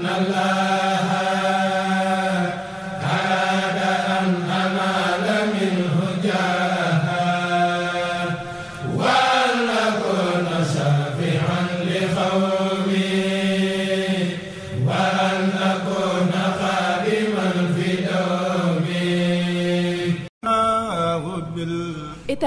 na la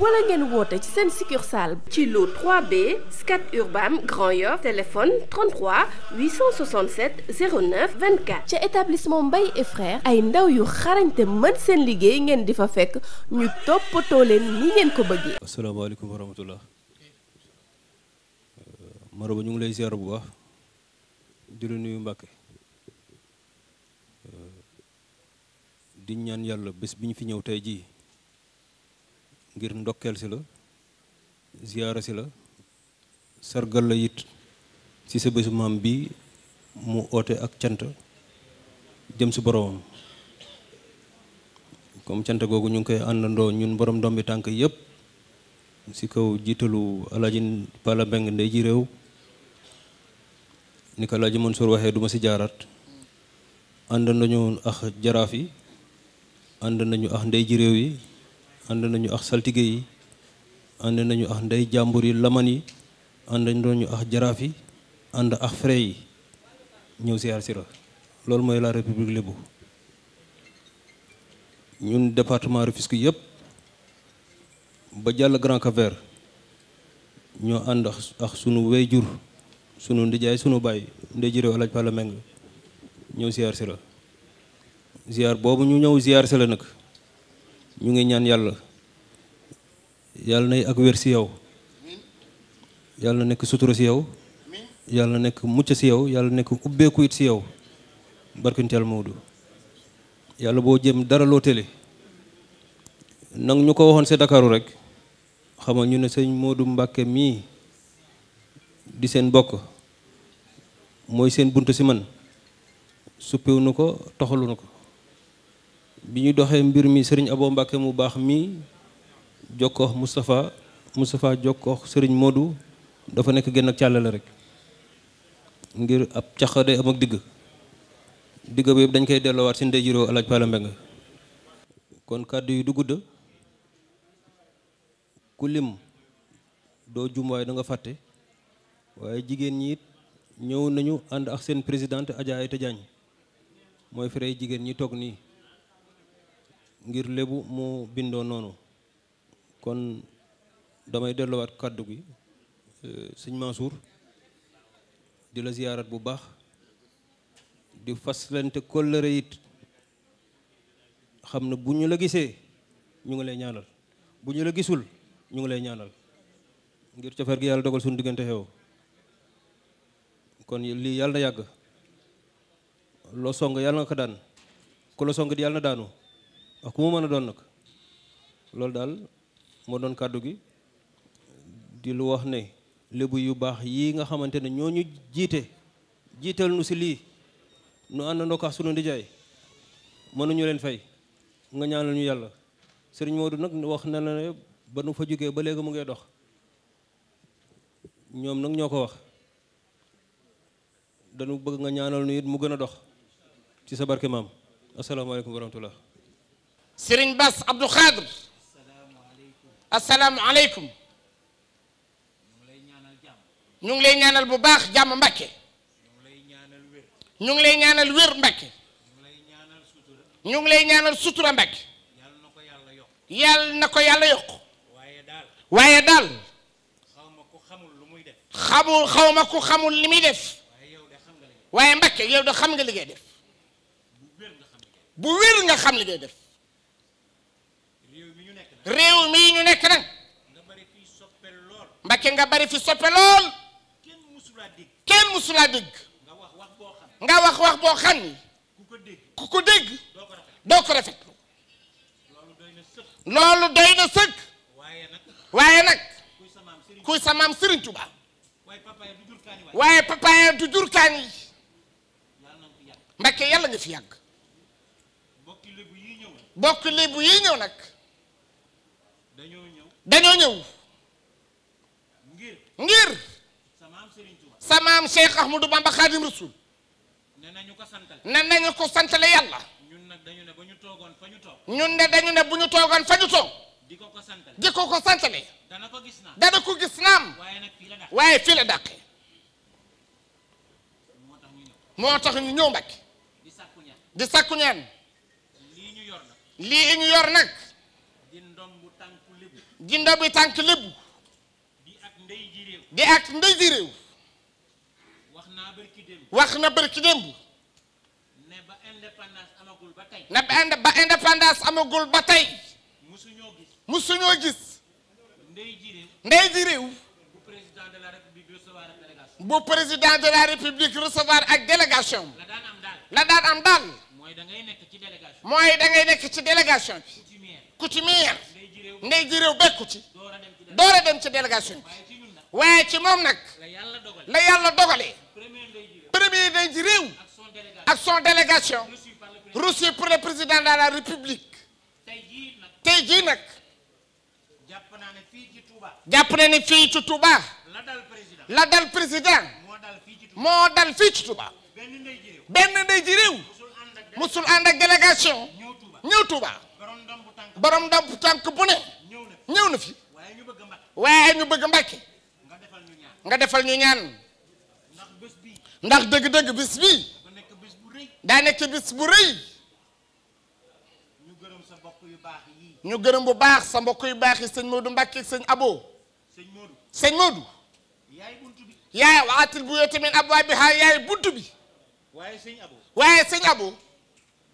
wala ngeen woote ci seen succursale ci lu 3B Scat Urbam Grand Yoff téléphone 33 867 09 24 ca établissement Mbaye et ay ndaw yu xarañte mën seen liggéey ngeen di fa fekk ñu toppatoo leen ni ngeen ko bëggee asalaamaaleykum wa rahmatullah euh, maraba ñu ngi lay ziar bu baax di la nuyu Mbàkke euh, di ñaan yàlla bés bi ñu fi ñëw tey jii ngir ndokkeel si la ziyaara si la sargal la it ci sa bésu maam bi mu oote ak cant jëm si boroomam comme cant googu ñu ngi koy àndandoo ñun borom bi tànk yépp si kaw jiitalu alaaji Pala Mbeng ji réew ni ko mën Mansour waxee duma si jaaraat ànd nañu ak jaraaf yi ànd nañu ak ndey ji réew yi ànd nañu ak saltige yi ànd nañu ak ndey jàmbur yi laman yi ànd nañu ak jaraaf yi ànd ak fre yi ñëw siyaar si la loolu mooy la république lébu ñun département Rufisque yëpp ba jàll Grand cap ñoo ànd ak sunu wéyjur sunu ndijaay sunu baay ndey jëre walaaj pala meng ñëw siyaar si la ziar boobu ñu ñëw ziar si la nag ñu ngi ñaan yàlla yàlla nay ak wér si yow yàlla nekk sutura si yow yàlla nekk mucc si yow yàlla nekk ubbeeku it si yow barkinteel Maodo yàlla boo jëm dara loo télé nag ñu ko waxoon si Dakaru rek xam nga ñu ne sëñ Modou Mbacke mii di seen bokk mooy seen bunt si man suppewunu ko toxalunu ko bi ñu doxee mbir mi sëriñ Abo Mbàkke mu baax mii jokkoox mustafa mustafa jokkoox sëriñ Modou dafa nekk genn ak càllale rek ngir ab caxa day am ak digg digg ba yëpp dañ koy delloowaat si ndey jiroo alaaj Pala kon kàddu yi du gudd ku lim doo jum waaye da fàtte waaye jigéen ñi it ñëw nañu ànd ak seen présidente Adja Aïta Diagne mooy fere jigéen ñi toog nii ngir lébu mu bindoo noonu kon damay delluwaat kàddu gi euh, sëñ Mansour di la ziyaarat bu baax di faslante kóllëre it xam ne bu ñu la gisee ñu ngi lay ñaanal bu ñu la gisul ñu ngi lay ñaanal ngir cofeer gi yàlla dogal suñu diggante xew kon lii yàlla na yàgg loo song yàlla nga ko daan ku song di yàlla na daanu ak ku mu mën a doon nag loolu daal moo doon kàddu gi di lu wax ne lébu yu baax yii nga xamante ne ñoo ñu jiite jiital nu si lii nu àndandoo ak sunu ndijaay mënuñu leen fay nga ñaanal ñu yàlla sëriñ Modou nag wax na ne ba nu fa jógee ba léegi mu ngi dox ñoom nag ñoo ko wax dañu bëgg nga ñaanal nu it mu gën a dox ci sa barke maam asalaamaaleykum wa rahmatullah Serigne Bass Abdou Khadr asalaamualeykum ñu ngi lay ñaanal bu baax jàmm Mbàkke ñu ngi lay ñaanal wér Mbàkke ñu ngi lay ñaanal sutura Mbàkke yàlla na ko yàlla yokk waaye daal xamul xaw ma ku xamul li muy def waaye Mbàkke yow de xam nga li ngay def bu wér nga xam li ngay def réew mii ñu nekk nag Mbàkke nga bari fi soppe lool kenn musulaa dégg nga wax wax boo xam ni ku ko dégg doo ko rafetlu loolu doy na sëkk waaye nag kuy sa maam Serigne Touba waaye papaaya du jur kaan yi Mbàkke yàlla nga fi yàgg bokk lébu yi ñëw nag dañoo ñëw dañoo ñëw ngir ngir sa maam Cheikh Ahmadou Bamba Khadim Rasoul ne nañu ko santale ne nañu ko santale yàlla ñun nag dañu ne bu ñu toogoon fa ñu toog ñun ne dañu ne bu ñu toogoon fa ñu di ko ko santale di ko ko dana ko gis naam dana ko gis naam waaye nag fii la dàqee waaye la dàqee moo tax ñu ñëw moo di sàkku lii ñu yor nag di ndabi tànk lébu di ak ndey ji réew di ak ndey réew wax na barki démb wax na barki démb ne ba indépendance amagul ba tey ne ba indépendance amagul ba tey musuñoo gis musuñoo gis ndey ji réew ndey ji réew bu président de la république recevoir ak délégation la république recevoir ak délégation la daan am daal la daan am daal mooy da ngay nekk ci délégation mooy da ngay nekk ndey ji réew bekku ci door a dem ci délégation bi waaye ci moom nag la yàlla dogalee premier ndey ji réew ak son délégation reçu pour président de la république tey jii nag jàpp na ne fii ci Touba la dal président moo dal fii ci Touba benn ndey ji réew musul ànd ak délégation ñëw Touba. borom ndomb tànk bu ne ñëw na fi waaye ñu bëgg Mbàkke nga defal ñu ñaan ndax dëgg-dëgg bis bii daa nekk bis bu rëy ñu gërëm bu baax sa mbokk yu baax yi sëñ Modou Mbàkke sëñ Abo sëñ Modou yaay waatil bu yoo tamit ab waay bi xaar yaay buntu bi waaye sëñ Abo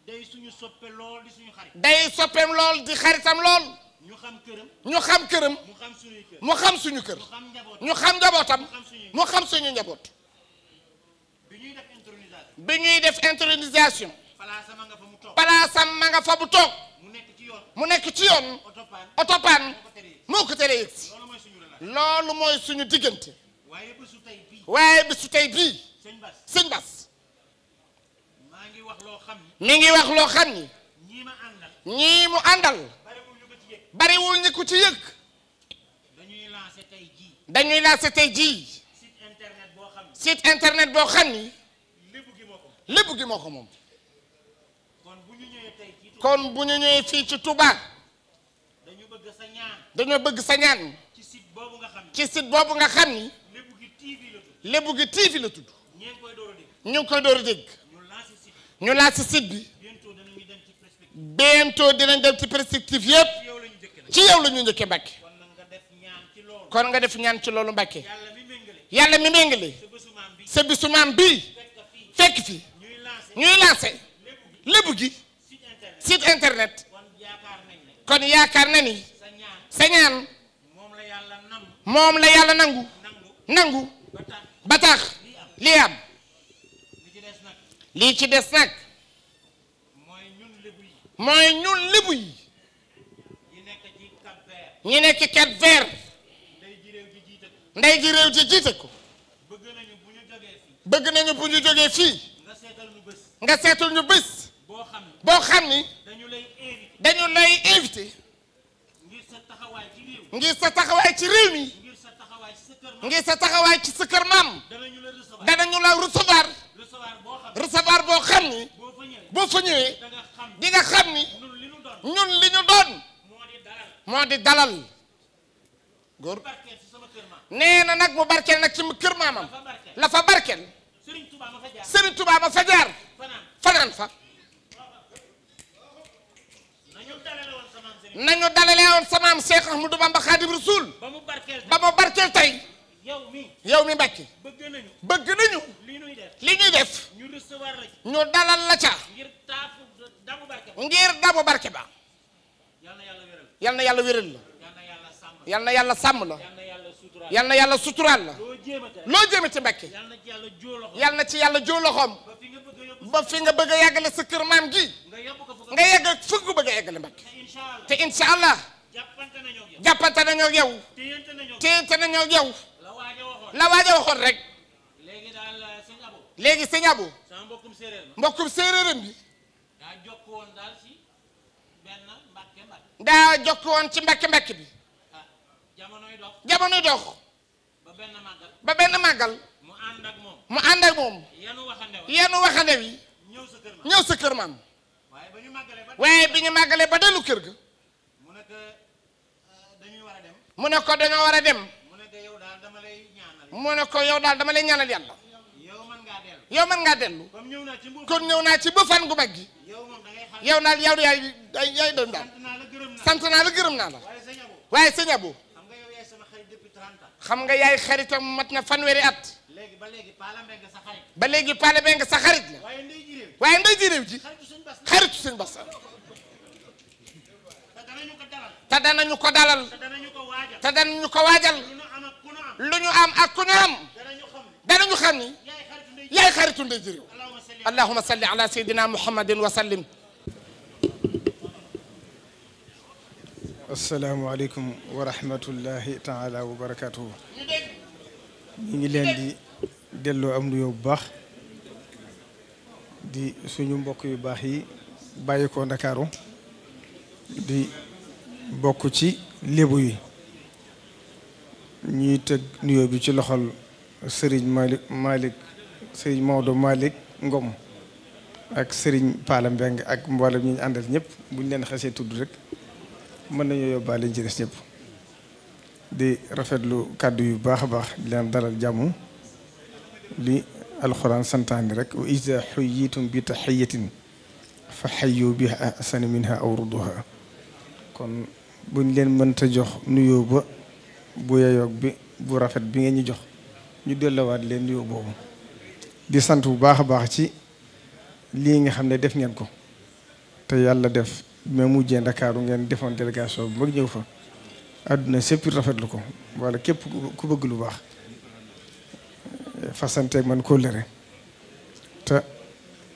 day suñu soppe lool suñu xarit. day soppeem lool di xaritam lool. ñu xam këram. ñu xam këram. mu xam suñuy kër. xam suñu kër. ñu xam njabootam. mu xam suñu njaboot. bi ñuy def intronisation. bi ñuy def intronisation. palaasam ma nga fa mu toog. palaasam ma nga fa bu mu nekk ci yoon. mu nekk ci yoon. otopaan moo ko tere yëg si. loolu mooy suñu diggante. waaye bésu tey bii. waaye bésu tey bii. sëñ Bas. mi ngi wax loo xam ni ñii mu àndal bariwul ñi ku ci yëg dañuy lancé tey jii site internet boo xam ni lépp gi moo ko moom kon bu ñu ñëwee fii ci Touba dañoo bëgg sa ñaan ci site boobu nga xam ni lépp gi TV la tudd ñu ngi koy door a dégg ñu laal si site bi bientôt dinañ dem ci perspective yépp ci yow la ñu njëkkee Mbàkke kon nga def ñaan ci loolu Mbàkke yàlla mi méngale sa bisu maam bii fekk fi ñuy lancé lébu gi site internet kon yaakaar na ni sa ñaan moom la yàlla nangu nangu ba tax li am lii ci des nag mooy ñun lébu yi mooy ñun lébu yi ñi nekk ci Cap Vert ñi nekk ci Cap Vert ndey ji réew ji jiite ko ndey ji ji jiite ko bëgg nañu bu ñu jógee fii bëgg ñu jógee fii nga seetal ñu bés nga seetal ñu bés boo xam ni boo xam ni dañu lay invité dañu lay invité ngir sa taxawaay ci réew ci réew mi ngir sa taxawaay ci sa kër maam ngir sa taxawaay ci sa kër maam danañu la recevoir xam ni boo fa ñëwee di nga xam ni ñun li ñu doon moo di dalal góor nee na nag mu barkeel nag ci kër maamam la fa barkeel Sëriñ Tuubaa ma fa jaar fanaan fa nañu dalale woon sama maam Cheikh Ahmadou Bamba Khadim Rasoul ba mu barkeel tey yow mi Mbàkke bëgg nañu li ñuy def ñu dalal la ca. ngir taafu dabu barke ba. ngir dabu ba. yal na yàlla wéral la. yal na yàlla wéral la. yal na yàlla sàmm la. na yàlla suturaal la. loo jéeme ci Mbàkke. yal na ci yàlla joo loxoom. ba fi nga bëgg a yàggale sa kër maam gi. nga yegg fukk bëgg a yeggale Mbàkke. te incha allah. jàppante nañoo ak yow. téyante nañoo ak yow. la waaja waxoon rek. léegi sëñ Abo. mbokkum séeréer mbokkum séeréeram bi daa jokk woon daal ci benn mbàkke mbàkke daa jokk woon ci mbàkke mbàkke bi ah, jamonoy dox jamonoy dox ba benn màggal ba benn màggal mu ànd ak moom mu ànd ak moom yanu waxande wi yanu waxande wi ñëw sa kër maam ñëw sa kër maam waaye bi ñu màggalee ba waaye bi ñu màggalee ba dellu kër ga mu ne ko ah, dañuy war a dem mu ne ko dañoo war a dem mu ne ko yow daal dama lay ñaanal mu ne ko yow daal dama lay ñaanal yàlla yow mën ngaa bu kon ñëw naa ci ba fan gu mag gi yow naa yow yaay yaay doon daal sant naa la gërëm naa la waaye sëñ Abo xam nga yaay xaritam mat na fanweeri at ba léegi paala beng sa xarit la waaye ndey ji réew ji xaritu sëñ Bas te danañu ko dalal te danañu ko waajal lu ñu am ak ku ñu am danañu xam ni yaay xaritu ndey ji réew allahuma salli ala sayyidina muhammadin wa sallim asalaamaaleykum wa rahmatullahi taala wa barakatuhu ñu ngi leen di delloo am nuyoo bu baax di suñu mbokk yu baax yi bàyyi ko ndakaaru di bokk ci lébu yi ñuy teg nuyoo bi ci loxol Serigne Malick Malick sëriñ Maodo Malick Ngom ak sëriñ Pala Mbeng ak mboolem ñu ñu àndal ñëpp bu ñu leen xasee tudd rek mën nañu yóbbaale ñu ci des ñëpp di rafetlu kàddu yu baax a baax di leen dalal jàmm li alxuraan santaani rek wa iza xuyyitum bi taxiyatin fa xayyu bi ahsana kon buñ leen mënta jox nuyoo ba bu yeyoog bi bu rafet bi nga ñu jox ñu dellowaat leen nuyoo boobu di sant bu baax a baax ci lii nga xam ne def ngeen ko te yàlla def mais mujjee ndakaaru ngeen defoon délégation bu mag ñëw fa àdduna rafet lu ko wala képp ku bëgg lu baax fasanteeg man kóllëre te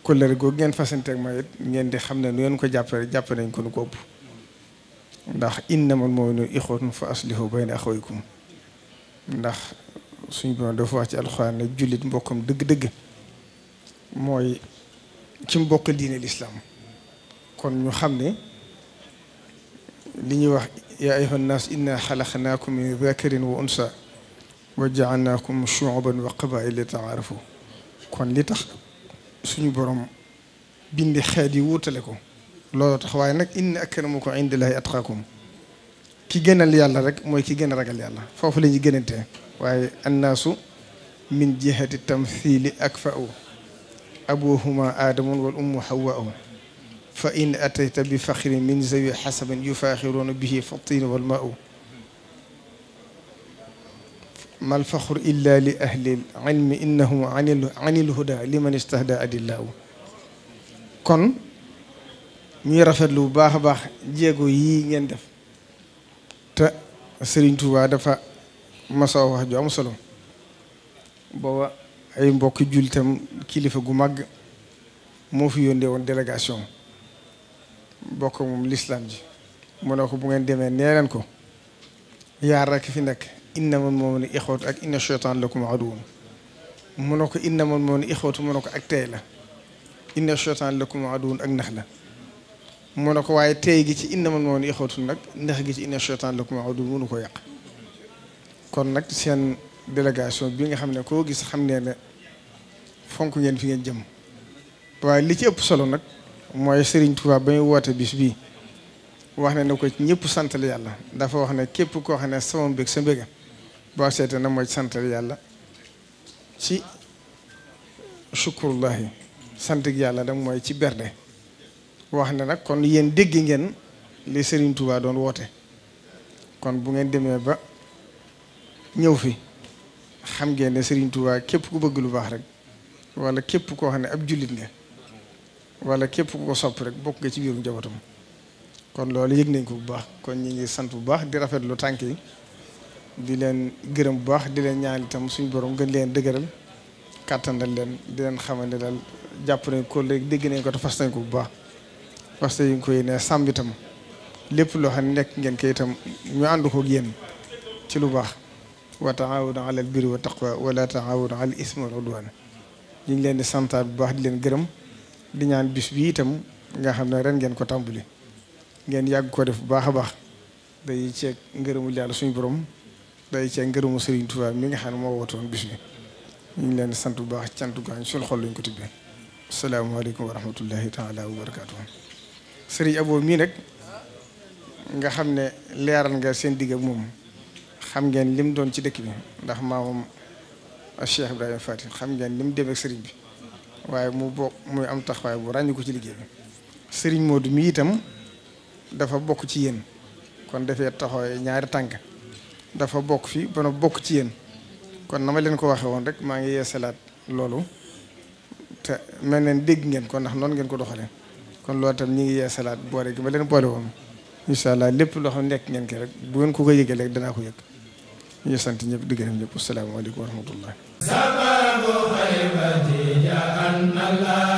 kóllëre googu ngeen fasanteeg ma it ngeen di xam ne nu ngeen ko jàppale jàpp nañ ko nu ko ëpp ndax innamal mu'minuuna ixwatun fa aslihu bayna axawaykum ndax suñu borom dafa wax ci alxuraan ne jullit mbokkam dëgg-dëgg mooy ci mbokk diine lislaam kon ñu xam ne li ñuy wax yaa ayuha nnaas inna xalaqnaakum min dakarin wa unsa wa jaalnaakum shuuban wa qabaila taarafu kon li tax suñu borom bindi xeet yi wuutale ko loolu tax waaye nag inna akramakum indallahi atqaakum ki gënal yàlla rek mooy ki gën a ragal yàlla foofu la ñuy gënantee waaye annaasu min jihati tamthili akfa'u abuhuma aadamun wal ummu hawwa'u fa in atayta bi faxrin min zawi xasabin yufaaxiruuna bihi bi tiin wal ma'u mal faxru illa li ahlil ilmi innahum anil huda liman istahda adillahu kon ñuy rafetlu bu baax a baax jéego yii ngeen def te Sëriñ Tuubaa dafa masa wax ju am solo booba ay mbokk jullitam kilifa gu mag moo fi yónnee woon délégation bokk moom lislaam ji mu ne ko bu ngeen demee nee leen ko yaar rek fi nekk inna man moom ne ixootu ak inna cheytaan lakum aduwun mu ne ko inna man moom ne ixootu mu ne ko ak tey la inna cheytaan lakum aduwun ak nax la mu ne ko waaye tey gi ci inna man moom ne ixootu nag nax gi ci inna cheytaan lakum aduwun mënu ko yàq kon nag seen délégation bi nga xam ne koo gis xam ne ne fonk ngeen fi ngeen jëm waaye li ci ëpp solo nag mooy sëriñ Touba ba ñu woote bis bii wax ne na ko ci ñëpp santal yàlla dafa wax ne képp koo xam ne sama mbég sa mbéga boo seete na mooy santal yàlla ci sant yàlla nag mooy ci berde wax ne nag kon yéen dégg ngeen li sëriñ Touba doon woote kon bu ngeen demee ba ñëw fi xam ngeen ne Serigne Touba képp ku bëgg lu baax rek wala képp koo xam ne ab jullit nga walla képp ko sopp rek bokk nga ci biirum njabootam kon loolu yëg nañ ko bu baax kon ñu ngi sant bu baax di rafetlu tànk yi di leen gërëm bu baax di leen ñaan itam suñu borom gën leen dëgëral kàttandal leen di leen xamal ne daal jàpp nañ ko léegi dégg nañ ko te fas nañ bu baax parce que yi ngi koy ne sàmm lépp loo xam ne nekk ngeen koy itam ñu ànd koog yéen ci lu baax. wa taawunu alal birri wa taqwa wala taawunu alal ismi wal udwan ñu ngi leen di santaat bu baax di leen gërëm di ñaan bis bi itam nga xam ne ren ngeen ko tàmbali ngeen yàgg ko def bu baax a baax day ceeg ngërëmul yàlla suñu borom day ceeg ngërëmu Sëriñ Tuubaa mi nga xam ne moo wootoon bis bi ñu ngi leen sant bu baax cant gaañ suñu xol lañ ko tibbee salaamaaleykum wa rahmatullahi taala wa barakaatu Sëriñ Abo mii nag nga xam ne leeral nga seen digg moom xam ngeen lim doon ci dëkk bi ndax maamam Cheikh Ibrahima Fati xam ngeen lim dem sëriñ bi waaye mu bokk muy am taxawaay bu ràññi ko ci liggéey bi sëriñ Modou mi itam dafa bokk ci yéen kon dafee taxawee ñaari tànk dafa bokk fi ba bokk ci yéen kon na ma leen ko waxee woon rek maa ngi yeesalaat loolu te mel neen dégg ngeen ko ndax noonu ngeen ko doxalee kon loolu tam ñu ngi salaat boole gi ma leen boole woon incha allah lépp loo xam nekk ngeen ko rek bu ngeen ko ko yëgee rek danaa ko yëg. ñu sant ñëpp di gërëm ñëpp salaamaaleykum wa rahmatullah